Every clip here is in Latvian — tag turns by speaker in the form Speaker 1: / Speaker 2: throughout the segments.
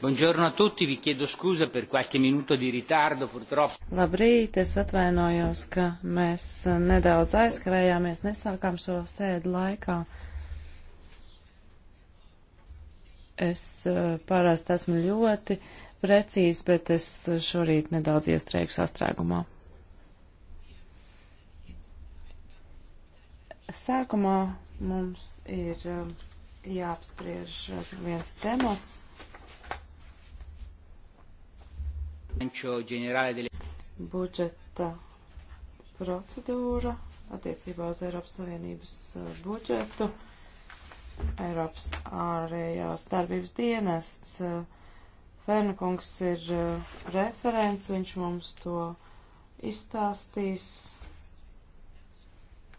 Speaker 1: Buongiorno a tutti,
Speaker 2: vi chiedo scusa per qualche minuto di ritardo purtroppo.
Speaker 1: Labrīt, es atvainojos, ka mēs nedaudz aizkavējāmies, nesākām šo sēdu laikā. Es eh, parasti esmu ļoti precīzi, bet es šorīt nedaudz iestrēgu sastrēgumā. Sākumā mums ir eh, jāapspriež viens temats Budžeta procedūra attiecībā uz Eiropas Savienības uh, budžetu. Eiropas ārējās darbības dienests. Uh, Fērnakungs ir uh, referents, viņš mums to izstāstīs.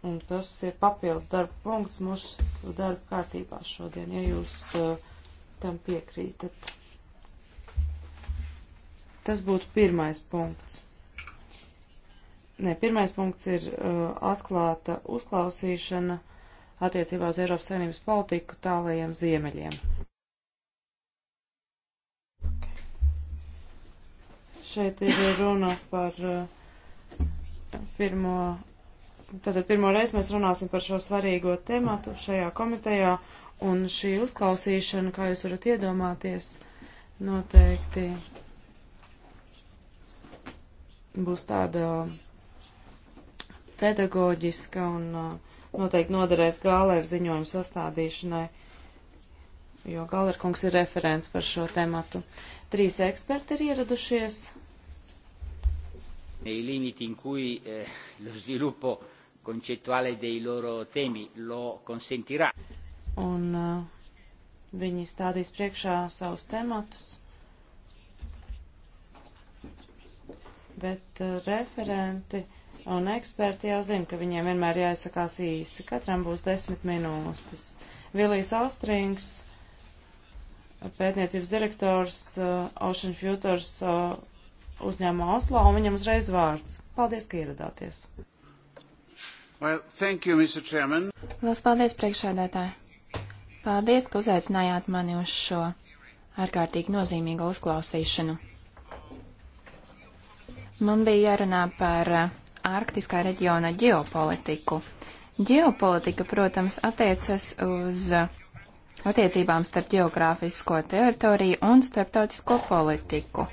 Speaker 1: Un tas ir papildus darba punkts mūsu darba kārtībā šodien, ja jūs uh, tam piekrītat. Tas būtu pirmais punkts. Nē, pirmais punkts ir uh, atklāta uzklausīšana attiecībā uz Eiropas Savienības politiku tālajiem ziemeļiem. Šeit ir runa par uh, pirmo, tātad pirmo reizi mēs runāsim par šo svarīgo tematu šajā komitejā, un šī uzklausīšana, kā jūs varat iedomāties, noteikti būs tāda pedagoģiska un uh, noteikti noderēs Gālēra ziņojuma sastādīšanai, jo Gālēra kungs ir referents par šo tematu. Trīs eksperti ir ieradušies.
Speaker 2: Nei limiti in cui eh, lo sviluppo concettuale dei loro temi lo consentirà.
Speaker 1: Un uh, viņi stādīs priekšā savus tematus. bet uh, referenti un eksperti jau zina, ka viņiem vienmēr jāizsakās īsi. Katram būs desmit minūtes. Vilijas Austrings, pētniecības direktors uh, Ocean Futures uh, uzņēmuma Oslo, un viņam uzreiz vārds. Paldies, ka ieradāties. Well, thank you, Mr. Chairman.
Speaker 2: Lielas paldies, priekšēdētāji. Paldies, ka uzaicinājāt mani uz šo ārkārtīgi nozīmīgo uzklausīšanu. Man bija jārunā par ārktiskā eh, reģiona ģeopolitiku. Ģeopolitika, protams, attiecas uz eh, attiecībām starp geogrāfisko teritoriju un starptautisko politiku.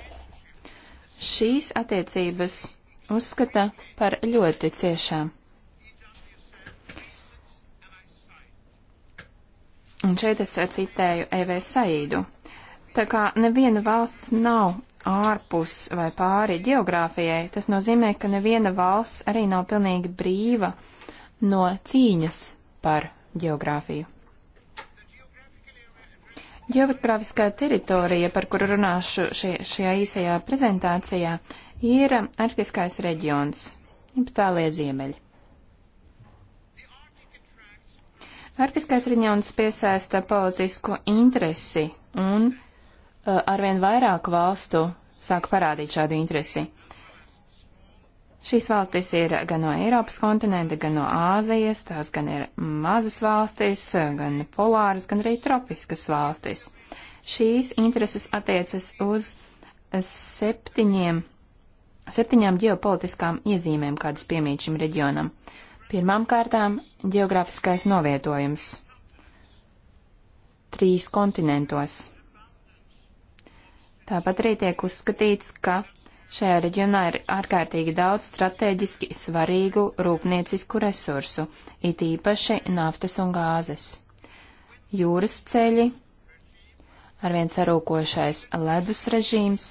Speaker 2: Šīs attiecības uzskata par ļoti ciešām. Un šeit es citēju Evē Saīdu. Tā kā neviena valsts nav ārpus vai pāri geogrāfijai, tas nozīmē, ka neviena valsts arī nav pilnīgi brīva no cīņas par geogrāfiju. Geogrāfiskā teritorija, par kuru runāšu šie, šajā īsajā prezentācijā, ir arktiskais reģions, jums tālie ziemeļi. Arktiskais reģions piesaista politisku interesi un Eh, arvien vairāk valstu sāk parādīt šādu interesi. Šīs valstis ir gan no Eiropas kontinenta, gan no Āzijas, tās gan ir mazas valstis, gan polāras, gan arī tropiskas valstis. Šīs intereses attiecas uz septiņiem, septiņām ģeopolitiskām iezīmēm, kādas piemīt šim reģionam. Pirmām kārtām - geogrāfiskais novietojums. Trīs kontinentos Tāpat arī tiek uzskatīts, ka šajā reģionā ir ārkārtīgi daudz strateģiski svarīgu rūpniecisku resursu, it īpaši naftas un gāzes. Jūras ceļi, arvien sarūkošais ledus režīms,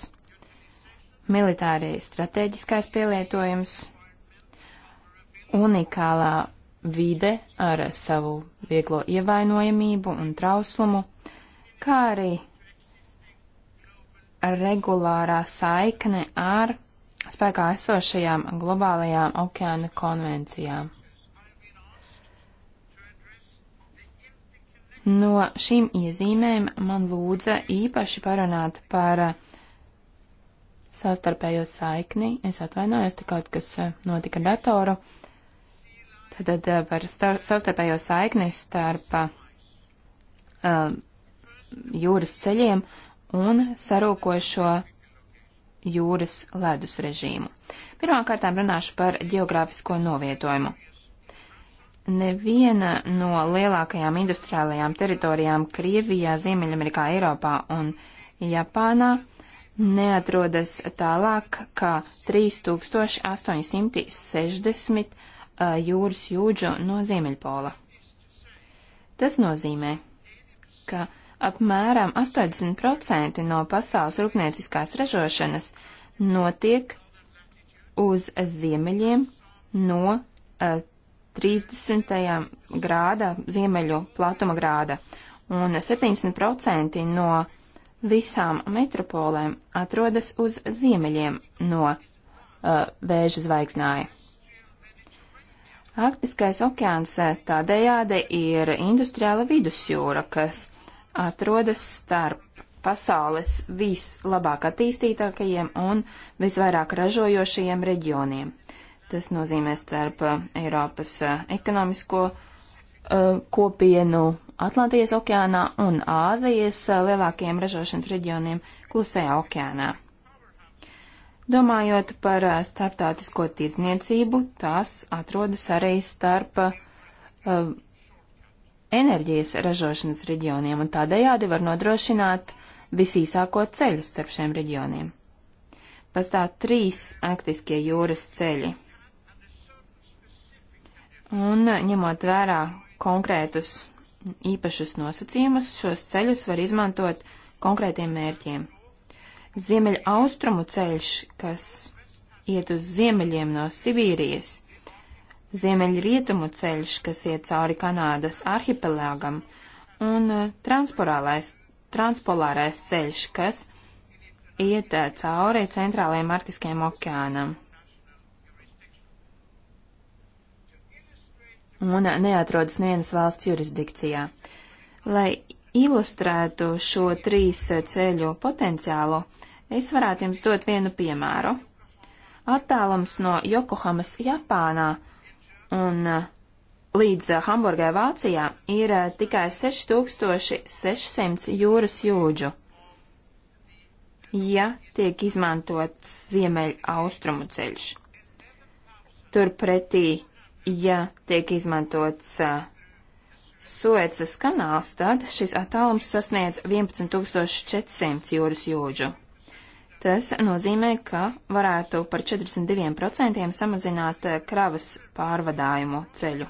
Speaker 2: militārie strateģiskais pielietojums, unikālā vide ar savu vieglo ievainojamību un trauslumu, kā arī regulārā saikne ar spēkā esošajām globālajām okeāna konvencijām. No šīm iezīmēm man lūdza īpaši parunāt par savstarpējo saikni. Es atvainojos, te kaut kas eh, notika ar datoru. Tad eh, par savstarpējo saikni starp uh, jūras ceļiem un sarūkošo jūras ledus režīmu. Pirmkārt, runāšu par geogrāfisko novietojumu. Neviena no lielākajām industriālajām teritorijām Krievijā, Ziemeļamerikā, Eiropā un Japānā neatrodas tālāk kā 3860 jūras jūdžu no Ziemeļpola. Tas nozīmē, ka apmēram 80% no pasaules rūpnieciskās ražošanas notiek uz ziemeļiem no uh, eh, 30. grāda, ziemeļu platuma grāda, un 70% no visām metropolēm atrodas uz ziemeļiem no uh, vēža zvaigznāja. Arktiskais okeāns eh, tādējādi ir industriāla vidusjūra, kas atrodas starp pasaules vislabāk attīstītākajiem un visvairāk ražojošajiem reģioniem. Tas nozīmē starp uh, Eiropas uh, ekonomisko uh, kopienu Atlantijas okeānā un Āzijas uh, lielākajiem ražošanas reģioniem Klusajā okeānā. Domājot par starptautisko tirdzniecību, tās atrodas arī starp uh, enerģijas ražošanas reģioniem un tādējādi var nodrošināt visīsāko ceļu starp šiem reģioniem. Pastāv trīs arktiskie jūras ceļi. Un ņemot vērā konkrētus īpašus nosacījumus, šos ceļus var izmantot konkrētiem mērķiem. Ziemeļa austrumu ceļš, kas iet uz ziemeļiem no Sibīrijas, ziemeļrietumu ceļš, kas iet cauri Kanādas arhipelāgam, un uh, transpolārais ceļš, kas iet uh, cauri centrālajiem arktiskajiem okeānam. Un uh, neatrodas nevienas valsts jurisdikcijā. Lai ilustrētu šo trīs ceļu potenciālu, es varētu jums dot vienu piemēru. Attālums no Jokohamas Japānā Un uh, līdz uh, Hamburgai Vācijā ir uh, tikai 6600 jūras jūdžu, ja tiek izmantots ziemeļ austrumu ceļš. Turpretī, ja tiek izmantots uh, Suecas kanāls, tad šis attālums sasniedz 11400 jūras jūdžu. Tas nozīmē, ka varētu par 42% samazināt eh, kravas pārvadājumu ceļu.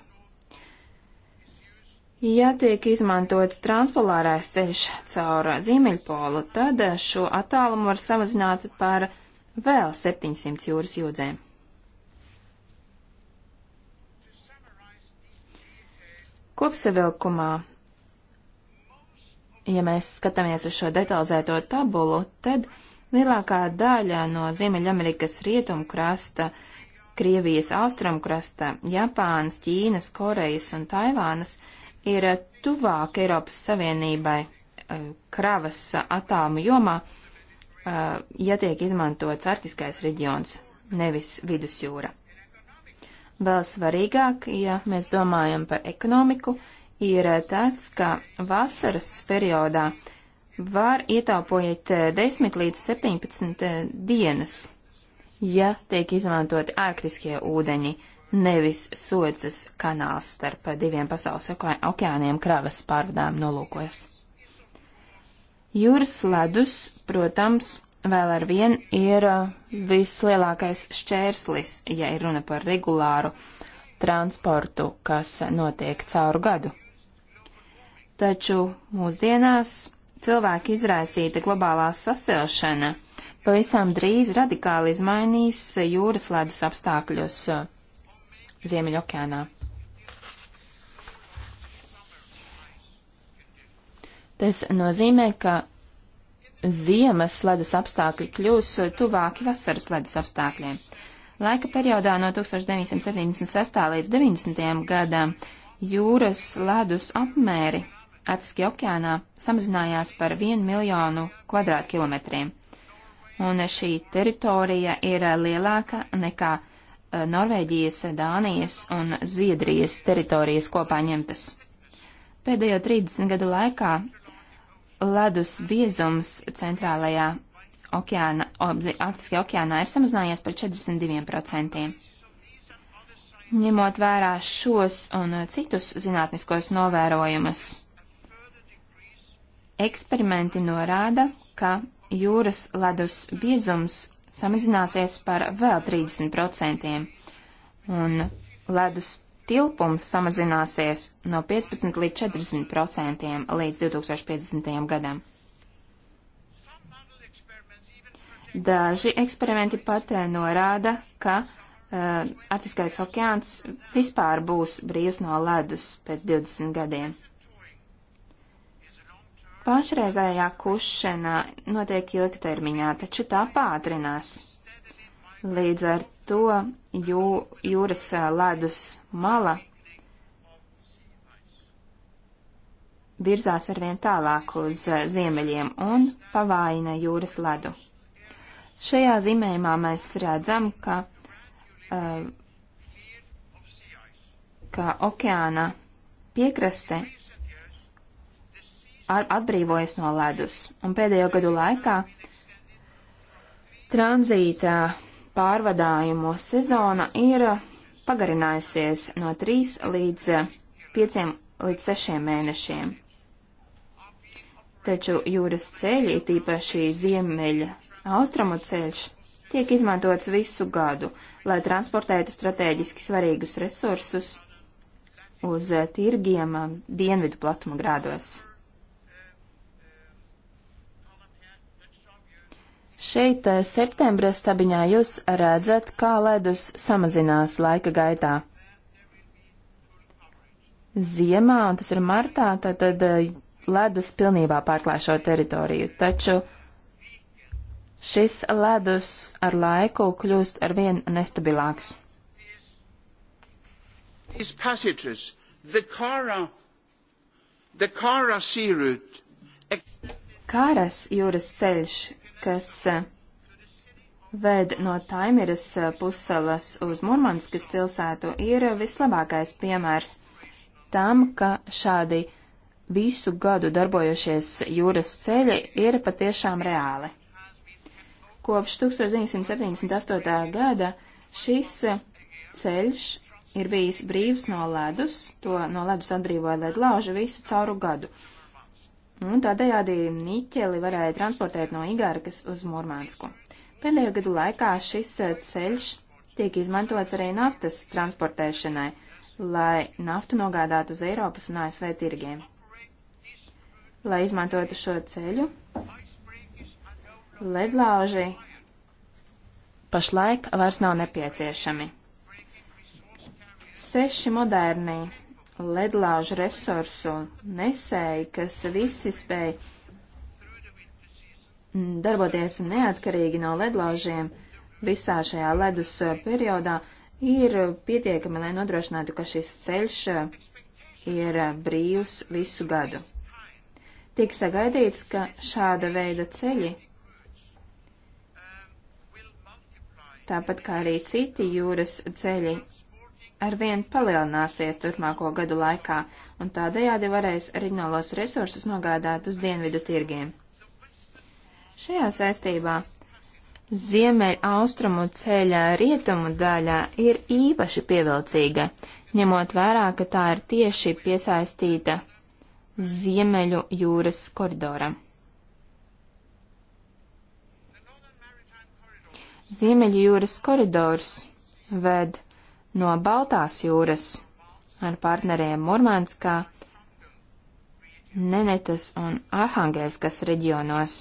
Speaker 2: Ja tiek izmantots transpolārais ceļš caur Ziemeļpolu, tad eh, šo attālumu var samazināt par vēl 700 jūras jūdzēm. Kopsavilkumā, ja mēs skatāmies uz šo detalizēto tabulu, tad Lielākā daļa no Ziemeļamerikas rietumu krasta, Krievijas austrumu krasta, Japānas, Ķīnas, Korejas un Taivānas ir tuvāk Eiropas Savienībai eh, kravas attālumu jomā, eh, ja tiek izmantots arktiskais reģions, nevis vidusjūra. Vēl svarīgāk, ja mēs domājam par ekonomiku, ir tas, ka vasaras periodā var ietaupojiet 10 eh, līdz 17 eh, dienas, ja tiek izmantoti ārktiskie ūdeņi, nevis sodzes kanāls starp diviem pasaules okeāniem kravas pārvadām nolūkojas. Jūras ledus, protams, vēl ar vien ir eh, vislielākais šķērslis, ja ir runa par regulāru transportu, kas notiek cauru gadu. Taču mūsdienās cilvēku izraisīta globālā sasilšana pavisam drīz radikāli izmainīs jūras ledus apstākļus uh, Ziemeļokeānā. Tas nozīmē, ka ziemas ledus apstākļi kļūs uh, tuvāki vasaras ledus apstākļiem. Laika periodā no 1976. līdz 90. gadam jūras ledus apmēri Atlantiskajā okeānā samazinājās par 1 miljonu kvadrātkilometriem. Un šī teritorija ir lielāka nekā eh, Norvēģijas, Dānijas un Zviedrijas teritorijas kopā ņemtas. Pēdējo 30 gadu laikā ledus biezums centrālajā okeāna, Arktiskajā okeānā ir samazinājies par 42%. Ņemot vērā šos un citus zinātniskos novērojumus, Eksperimenti norāda, ka jūras ledus biezums samazināsies par vēl 30%, un ledus tilpums samazināsies no 15 līdz 40% līdz 2050. gadam. Daži eksperimenti pat eh, norāda, ka uh, Arktiskais okeāns vispār būs brīvs no ledus pēc 20 gadiem. Pašreizējā kušana notiek ilgtermiņā, taču tā pātrinās. Līdz ar to jū, jūras ledus mala virzās arvien tālāk uz ziemeļiem un pavājina jūras ledu. Šajā zīmējumā mēs redzam, ka, uh, ka okeāna piekraste atbrīvojas no ledus. Un pēdējo gadu laikā tranzīta pārvadājumu sezona ir pagarinājusies no 3 līdz 5 līdz 6 mēnešiem. Taču jūras ceļi, tīpaši ziemeļa austrumu ceļš, tiek izmantots visu gadu, lai transportētu strateģiski svarīgus resursus uz tirgiem dienvidu platuma grādos. Šeit eh, septembra stabiņā jūs redzat, kā ledus samazinās laika gaitā. Ziemā, un tas ir martā, tad, tad eh, ledus pilnībā pārklāj šo teritoriju, taču šis ledus ar laiku kļūst arvien nestabilāks.
Speaker 1: These passages, the Kara, the Kara
Speaker 2: Sea route, Kāras jūras ceļš kas eh, ved no Taimiras eh, pussalas uz Murmanskas pilsētu, ir vislabākais piemērs tam, ka šādi visu gadu darbojošies jūras ceļi ir patiešām reāli. Kopš 1978. gada šis eh, ceļš ir bijis brīvs no ledus, to no ledus atbrīvoja, lai glāžu visu cauru gadu un tādējādi niķeli varēja transportēt no Igārkas uz Murmānsku. Pēdējo gadu laikā šis eh, ceļš tiek izmantots arī naftas transportēšanai, lai naftu nogādātu uz Eiropas un ASV tirgiem. Lai izmantotu šo ceļu, ledlauži pašlaik vairs nav nepieciešami. Seši moderni ledlāžu resursu nesēji, kas visi spēja darboties neatkarīgi no ledlāžiem visā šajā ledus periodā, ir pietiekami, lai nodrošinātu, ka šis ceļš ir brīvs visu gadu. Tiek sagaidīts, ka šāda veida ceļi, tāpat kā arī citi jūras ceļi, arvien palielināsies turpmāko gadu laikā, un tādējādi varēs rignolos resursus nogādāt uz dienvidu tirgiem. Šajā saistībā ziemeļa austrumu ceļa rietumu daļā ir īpaši pievilcīga, ņemot vērā, ka tā ir tieši piesaistīta Ziemeļu jūras koridoram. Ziemeļu jūras koridors ved no Baltās jūras ar partneriem Murmanskā, Nenetas un Arhangelskas reģionos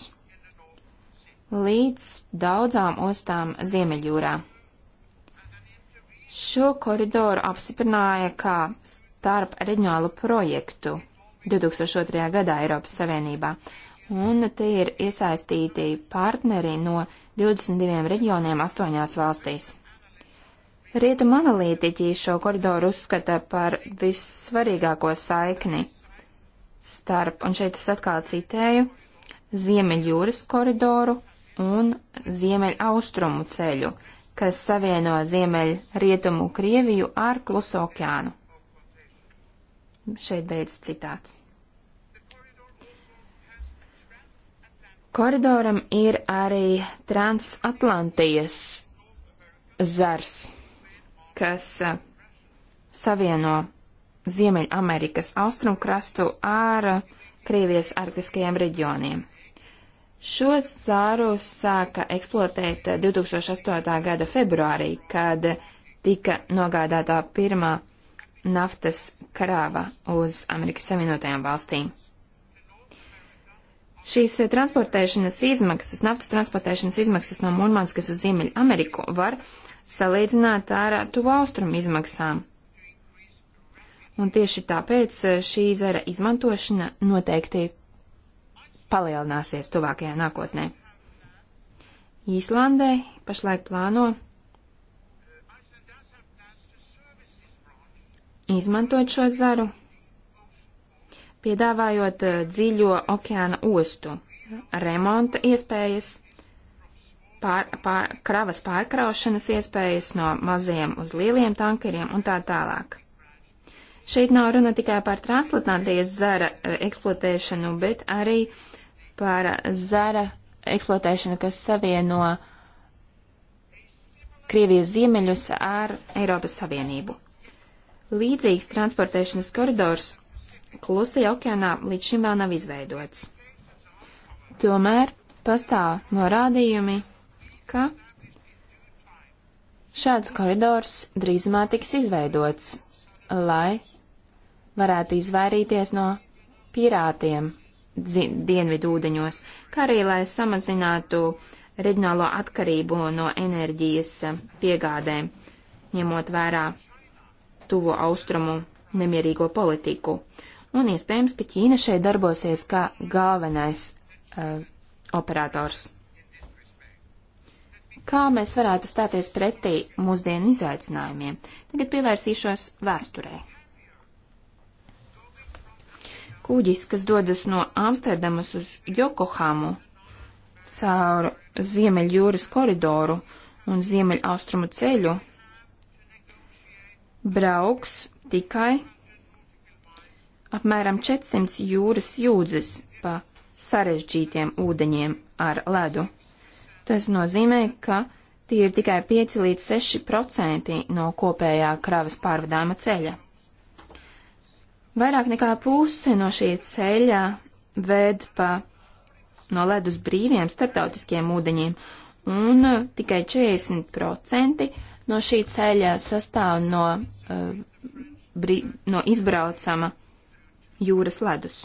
Speaker 2: līdz daudzām ostām Ziemeļjūrā. Šo koridoru apstiprināja kā starp reģionālu projektu 2002. gadā Eiropas Savienībā, un te ir iesaistīti partneri no 22 reģioniem 8 valstīs. Rietumu analītiķi šo koridoru uzskata par vissvarīgāko saikni starp, un šeit es atkal citēju, Ziemeļjūras koridoru un Ziemeļaustrumu ceļu, kas savieno Ziemeļrietumu Krieviju ar Kluso okeānu. Šeit beidzas citāts. Koridoram ir arī transatlantijas zars kas eh, savieno Ziemeļamerikas austrumkrastu ar Krievijas arktiskajiem reģioniem. Šo sāru sāka eksploatēt 2008. gada februārī, kad tika nogādātā pirmā naftas krāva uz Amerikas Savienotajām valstīm. Šīs transportēšanas izmaksas, naftas transportēšanas izmaksas no Murmanskas uz Ziemeļameriku var uh, salīdzināt ar tuvu austrumu izmaksām. Un tieši tāpēc eh, šī zara izmantošana noteikti palielināsies tuvākajā nākotnē. Īslandē pašlaik plāno izmantot šo zaru, piedāvājot eh, dziļo okeāna ostu, remonta iespējas pār, pār, kravas pārkraušanas iespējas no maziem uz lieliem tankeriem un tā tālāk. Šeit nav runa tikai par translantnātijas zara e, eksploatēšanu, bet arī par zara eksploatēšanu, kas savieno Krievijas ziemeļus ar Eiropas Savienību. Līdzīgs transportēšanas koridors klusajā okeānā līdz šim vēl nav izveidots. Tomēr pastāv norādījumi, ka šāds koridors drīzumā tiks izveidots, lai varētu izvairīties no pirātiem dienvidu ūdeņos, kā arī lai samazinātu reģionālo atkarību no enerģijas piegādēm, ņemot vērā tuvo austrumu nemierīgo politiku. Un iespējams, ka Ķīna šeit darbosies kā galvenais uh, operators kā mēs varētu stāties pretī mūsdienu izaicinājumiem. Tagad pievērsīšos vēsturē. Kūģis, kas dodas no Amsterdamas uz Jokohamu caur Ziemeļjūras koridoru un Ziemeļaustrumu ceļu, brauks tikai apmēram 400 jūras jūdzes pa sarežģītiem ūdeņiem ar ledu. Tas nozīmē, ka tie ir tikai 5 līdz 6% no kopējā kravas pārvadājuma ceļa. Vairāk nekā puse no šī ceļa ved pa no ledus brīviem starptautiskiem ūdeņiem, un uh, tikai 40% no šī ceļa sastāv no, uh, brī, no izbraucama jūras ledus.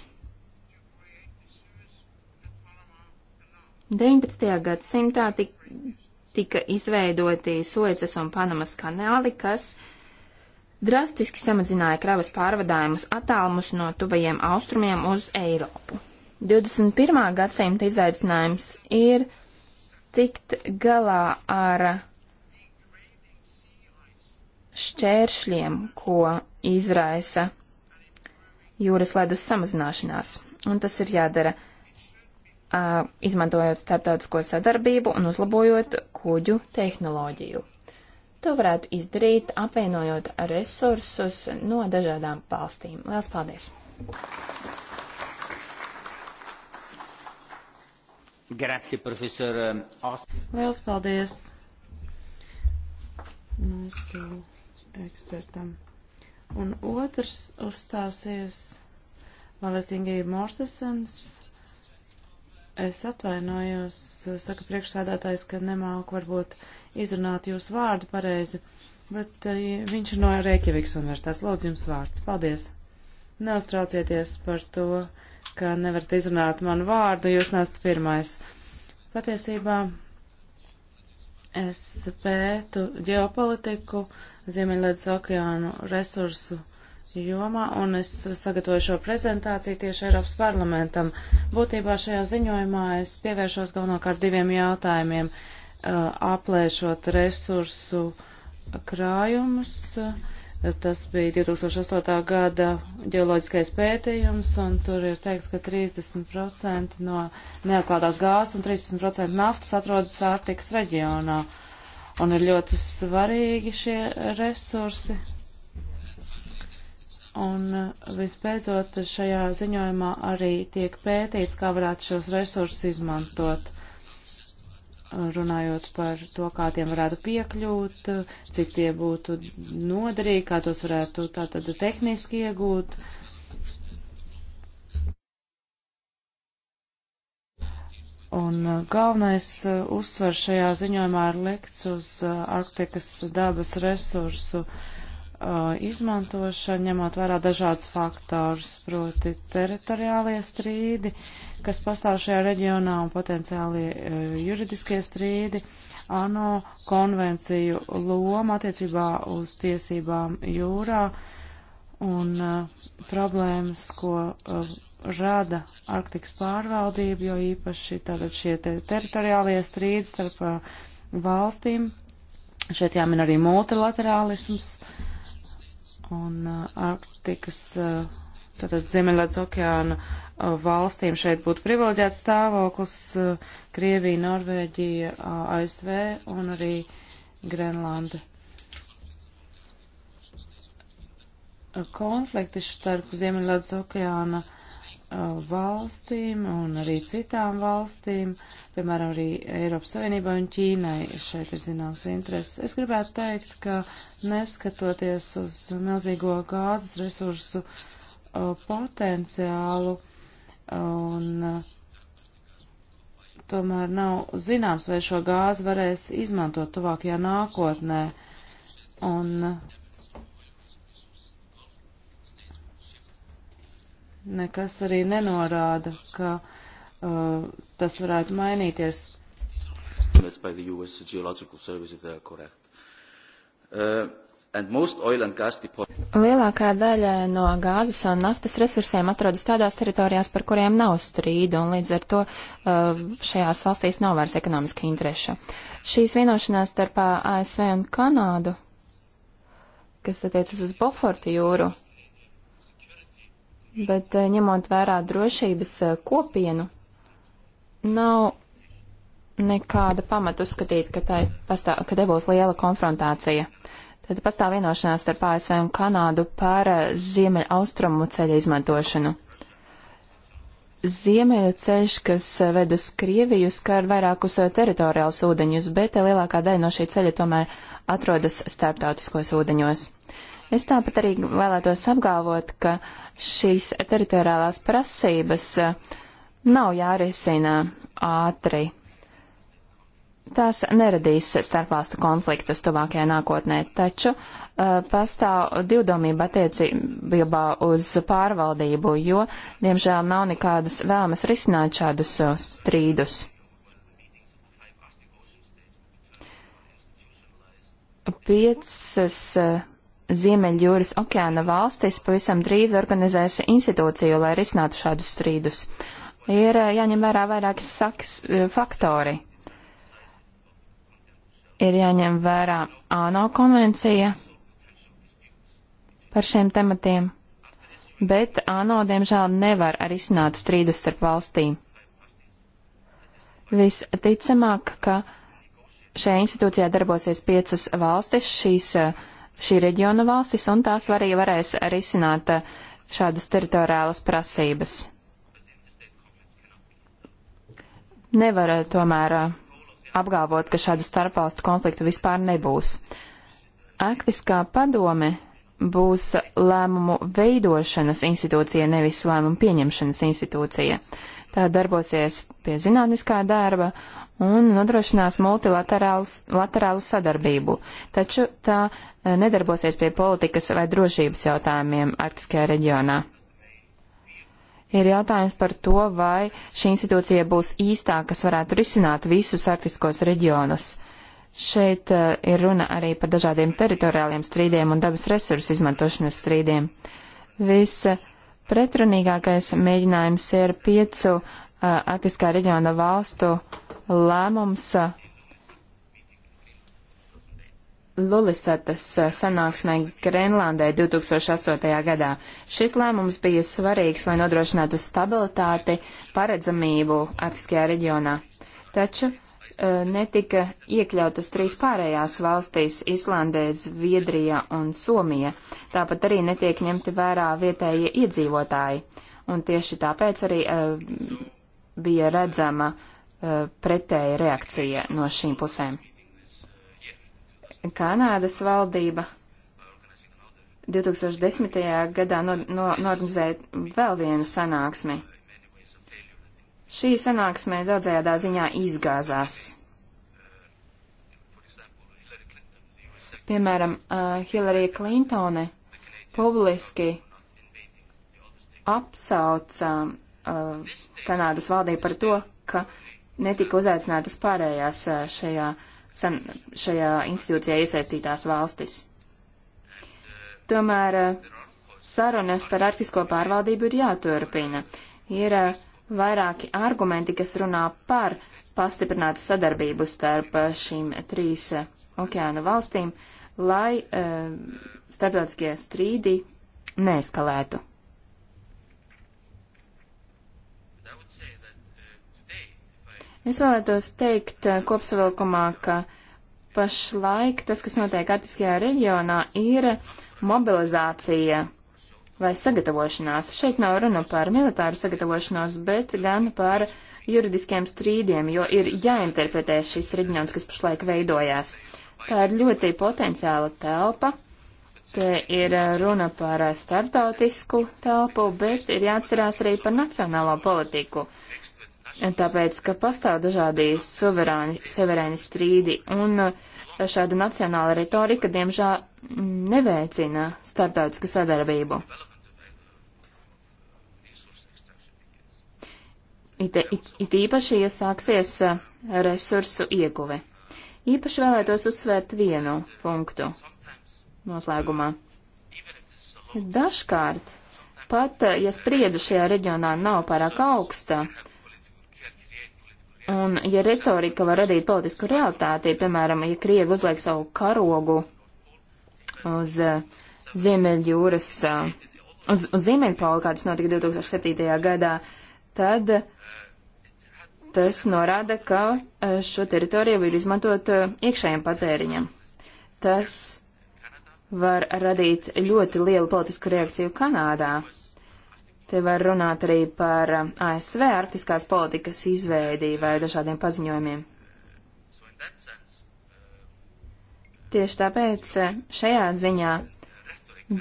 Speaker 2: 19. gadsimtā tika izveidoti Suecas un Panamas kanāli, kas drastiski samazināja kravas pārvadājumus attālumus no tuvajiem austrumiem uz Eiropu. 21. gadsimta izaicinājums ir tikt galā ar šķēršļiem, ko izraisa jūras ledus samazināšanās, un tas ir jādara izmantojot starptautisko sadarbību un uzlabojot kuģu tehnoloģiju. To varētu izdarīt, apvienojot resursus no dažādām valstīm. Lielas paldies!
Speaker 1: Grazie, profesor um, Ost. Lielas paldies mūsu ekspertam. Un otrs uzstāsies Valestīngai Morsesens Es atvainojos, saka priekšsādātājs, ka nemāku varbūt izrunāt jūsu vārdu pareizi, bet eh, viņš ir no Rēķeviks universitātes. Lūdzu, jums vārds. Paldies! Neuztraucieties par to, ka nevarat izrunāt manu vārdu, jūs nesat pirmais. Patiesībā es pētu ģeopolitiku, Ziemeļlēdz okeānu resursu jomā, un es sagatavoju šo prezentāciju tieši Eiropas parlamentam. Būtībā šajā ziņojumā es pievēršos galvenokārt diviem jautājumiem uh, - aplēšot resursu krājumus. Uh, tas bija 2008. gada ģeoloģiskais pētījums, un tur ir teikts, ka 30% no neatklātās gāzes un 13% naftas atrodas Ārtikas reģionā. Un ir ļoti svarīgi šie resursi, Un uh, vispēcot šajā ziņojumā arī tiek pētīts, kā varētu šos resursus izmantot, runājot par to, kā tiem varētu piekļūt, cik tie būtu noderīgi, kā tos varētu tātad tehniski iegūt. Un uh, galvenais uh, uzsvars šajā ziņojumā ir likts uz Arktikas dabas resursu uh, uh, izmantošana, ņemot vērā dažādus faktors, proti teritoriālie strīdi, kas pastāv šajā reģionā un potenciāli uh, juridiskie strīdi, ANO konvenciju loma attiecībā uz tiesībām jūrā un uh, problēmas, ko uh, rada Arktikas pārvaldība, jo īpaši tātad šie te teritoriālie strīdi starp uh, valstīm. Šeit jāmin arī multilaterālisms. Uh, un uh, Arktikas, uh, tātad Ziemeļlēdz okeāna uh, valstīm šeit būtu privileģēts stāvoklis - Krievija, Norvēģija, ASV un arī Grenlanda. Konflikti starp Ziemeļlēdz okeāna uh, Uh, valstīm un arī citām valstīm, piemēram, arī Eiropas Savienībai un Ķīnai šeit ir zināms intereses. Es gribētu teikt, ka neskatoties uz milzīgo gāzes resursu uh, potenciālu un uh, tomēr nav zināms, vai šo gāzi varēs izmantot tuvākajā nākotnē. Un uh, nekas arī nenorāda, ka uh, tas varētu mainīties. By the U.S. Geological Service, if they are correct. Uh,
Speaker 2: Lielākā daļa no gāzes un naftas resursiem atrodas tādās teritorijās, par kuriem nav strīdu, un līdz ar to uh, šajās valstīs nav vairs ekonomiski intereša. Šīs vienošanās starp uh, ASV un Kanādu, kas attiecas uz Bofortu jūru, bet eh, ņemot vērā drošības eh, kopienu, nav nekāda pamata uzskatīt, ka, tai pastāv, ka te būs liela konfrontācija. Tad pastāv vienošanās starp ASV un Kanādu par eh, ziemeļa austrumu ceļa izmantošanu. Ziemeļu ceļš, kas ved uz Krieviju, skar vairākus teritoriālus ūdeņus, bet lielākā daļa no šī ceļa tomēr atrodas starptautiskos ūdeņos. Uh, Es tāpat arī vēlētos apgalvot, ka šīs teritoriālās prasības eh, nav jārisina ātri. Tās neradīs starpvalstu konfliktus tuvākajā nākotnē, taču uh, pastāv divdomība attiecībā uz pārvaldību, jo, diemžēl, nav nekādas vēlmes risināt šādus eh, strīdus. Piecas uh, Ziemeļjūras okeāna valstis pavisam drīz organizēs institūciju, lai risinātu šādus strīdus. Ir eh, jāņem vērā vairāki saks, eh, faktori. Ir jāņem vērā ANO konvencija par šiem tematiem, bet ANO, diemžēl, nevar arī izsnākt strīdus starp valstīm. Visticamāk, ka šajā institūcijā darbosies piecas valstis, šīs uh, šī reģiona valstis, un tās arī varēs risināt eh, šādas teritoriālas prasības. Nevar eh, tomēr eh, apgalvot, ka šādu starpvalstu konfliktu vispār nebūs. Arktiskā padome būs lēmumu veidošanas institūcija, nevis lēmumu pieņemšanas institūcija. Tā darbosies pie zinātniskā darba un nodrošinās multilaterālu sadarbību, taču tā nedarbosies pie politikas vai drošības jautājumiem Arktiskajā reģionā. Ir jautājums par to, vai šī institūcija būs īstā, kas varētu risināt visus arktiskos reģionus. Šeit uh, ir runa arī par dažādiem teritoriāliem strīdiem un dabas resursu izmantošanas strīdiem. Viss eh, pretrunīgākais mēģinājums ir piecu uh, arktiskā reģiona valstu lēmums uh, Lulisatas eh, sanāksmē Grenlandē 2008. gadā. Šis lēmums bija svarīgs, lai nodrošinātu stabilitāti, paredzamību Arktiskajā reģionā. Taču eh, netika iekļautas trīs pārējās valstīs - Islandē, Zviedrija un Somija. Tāpat arī netiek ņemti vērā vietējie iedzīvotāji. Un tieši tāpēc arī uh, bija redzama uh, pretēja reakcija no šīm pusēm. Kanādas valdība 2010. gadā no, no, norganizēja vēl vienu sanāksmi. Šī sanāksme daudzējādā ziņā izgāzās. Piemēram, Hillarija Klintone publiski apsauca Kanādas valdību par to, ka netika uzaicinātas pārējās šajā uh, san, šajā institūcijā iesaistītās valstis. Tomēr eh, sarunas par arktisko pārvaldību ir jāturpina. Ir eh, vairāki argumenti, kas runā par pastiprinātu sadarbību starp eh, šīm trīs okeāna valstīm, lai starptautiskie strīdi neeskalētu. Es vēlētos teikt eh, kopsavilkumā, ka pašlaik tas, kas notiek Atiskajā reģionā, ir mobilizācija vai sagatavošanās. Šeit nav runa par militāru sagatavošanos, bet gan par juridiskiem strīdiem, jo ir jāinterpretē šis reģions, kas pašlaik veidojās. Tā ir ļoti potenciāla telpa. Te ir eh, runa par eh, starptautisku telpu, bet ir jāatcerās arī par nacionālo politiku tāpēc, ka pastāv dažādi suverāni, suverēni strīdi, un uh, šāda nacionāla retorika, diemžēl, mm, neveicina starptautisku sadarbību. It, it, it īpaši iesāksies uh, resursu ieguve. Īpaši vēlētos uzsvērt vienu punktu noslēgumā. Dažkārt, pat uh, ja spriedze šajā reģionā nav pārāk augsta, uh, Un, ja retorika var radīt politisku realitāti, piemēram, ja Krievi uzliek savu karogu uz uh, Ziemeļjūras, uh, uz, uz Ziemeļpolu, kā tas notika 2007. gadā, tad tas norāda, ka uh, šo teritoriju var izmantot uh, iekšējiem patēriņam. Tas var radīt ļoti lielu politisku reakciju Kanādā. Te var runāt arī par uh, ASV arktiskās politikas izveidī vai dažādiem paziņojumiem. Tieši tāpēc uh, šajā ziņā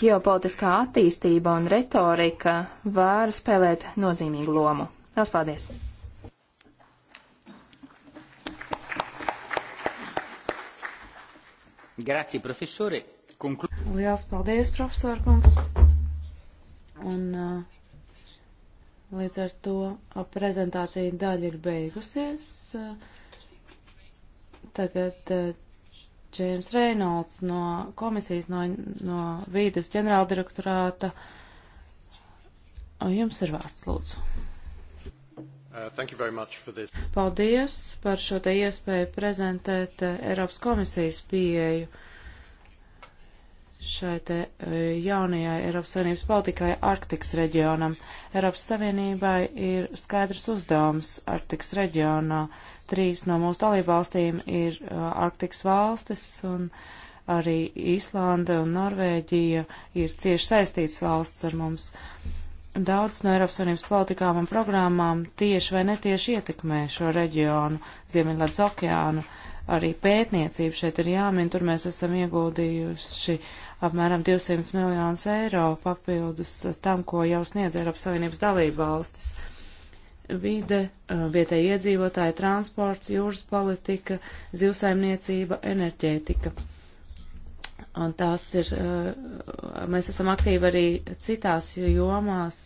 Speaker 2: ģeopolitiskā attīstība un retorika var spēlēt nozīmīgu lomu. Lielas paldies! Grazie, profesori! Konklu...
Speaker 1: Lielas paldies, profesor kungs! Un uh, Līdz ar to prezentācija daļa ir beigusies. Tagad Džēms Reinolds no komisijas no, no vīdes ģenerāldirektorāta. Jums ir vārds, lūdzu. Uh, Paldies par šo te iespēju prezentēt Eiropas komisijas pieeju. Uh, šai te e, jaunajai Eiropas Savienības politikai Arktikas reģionam. Eiropas Savienībai ir skaidrs uzdevums Arktikas reģionā. Trīs no mūsu dalībvalstīm ir e, Arktikas valstis un arī Īslanda un Norvēģija ir cieši saistītas valsts ar mums. Daudz no Eiropas Savienības politikām un programmām tieši vai netieši ietekmē šo reģionu, Ziemeļlēdz okeānu. Arī pētniecība šeit ir jāmin, tur mēs esam ieguldījuši uh, apmēram 200 miljonus eiro papildus uh, tam, ko jau sniedz Eiropas Savienības dalība valstis. Vide, uh, vietēji iedzīvotāji, transports, jūras politika, zivsaimniecība, enerģētika. Un tās ir, uh, mēs esam aktīvi arī citās jomās,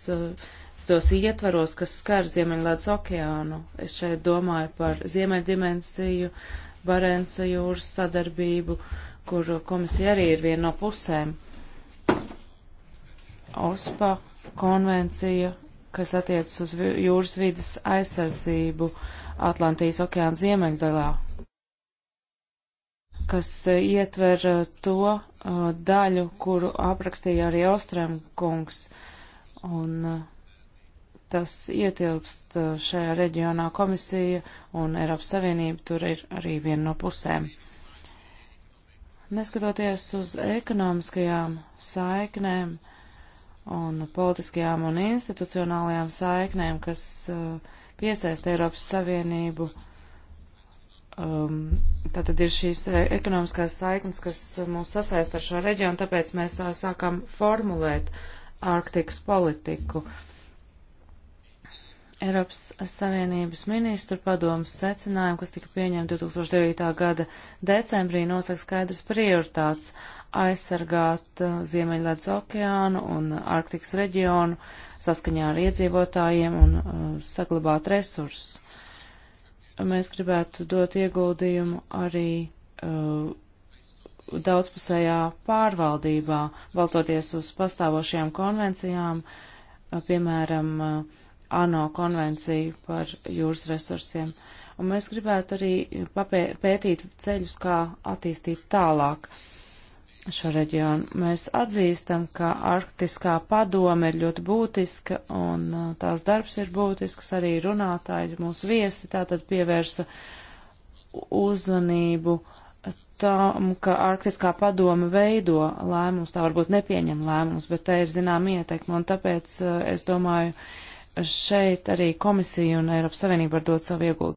Speaker 1: tos ietvaros, kas skar Ziemeņlēdz okeānu. Es šeit domāju par Ziemeļdimensiju, Barenca jūras sadarbību, uh, kur komisija arī ir viena no pusēm. OSPA konvencija, kas attiecas uz jūras vidas aizsardzību Atlantijas okeāna ziemeļdalā, kas eh, ietver eh, to eh, daļu, kuru aprakstīja arī Ostrēm kungs, un tas ietilpst šajā reģionā komisija, un Eiropas Savienība tur ir arī viena no pusēm. Neskatoties uz ekonomiskajām saiknēm un politiskajām un institucionālajām saiknēm, kas uh, piesaista Eiropas Savienību, um, tātad ir šīs e, ekonomiskās saiknes, kas uh, mūs sasaista ar šo reģionu, tāpēc mēs uh, sākam formulēt Arktikas politiku. Uh, Eiropas Savienības ministru padomas secinājumu, kas tika pieņemta 2009. gada decembrī, nosaka skaidrs prioritāts aizsargāt uh, Ziemeļlēdz okeānu un Arktikas reģionu saskaņā ar iedzīvotājiem un uh, saglabāt resursus. Mēs gribētu dot ieguldījumu arī uh, daudzpusējā pārvaldībā, balstoties uz pastāvošajām konvencijām, uh, piemēram, uh, ANO konvenciju par jūras resursiem. Un mēs gribētu arī pētīt ceļus, kā attīstīt tālāk šo reģionu. Mēs atzīstam, ka Arktiskā padome ir ļoti būtiska un uh, tās darbs ir būtisks, arī runātāji mūsu viesi tātad pievērsa uzmanību tam, ka Arktiskā padome veido lēmumus, tā varbūt nepieņem lēmumus, bet te ir zinām ietekme, un tāpēc uh, es domāju, uh, šeit arī komisija un Eiropas Savienība var dot savu ieguldījumu.